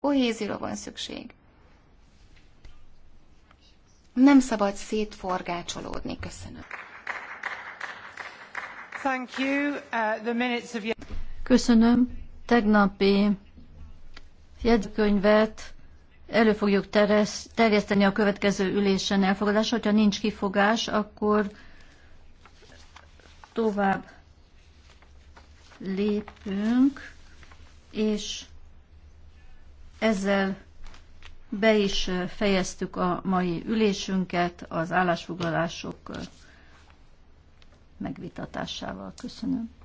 Kohézióra van szükség. Nem szabad szétforgácsolódni. Köszönöm. Thank you. Uh, the minutes of... Köszönöm. Tegnapi jegykönyvet elő fogjuk terjeszteni a következő ülésen elfogadás. Hogyha nincs kifogás, akkor tovább lépünk, és ezzel be is fejeztük a mai ülésünket az állásfoglalások megvitatásával. Köszönöm.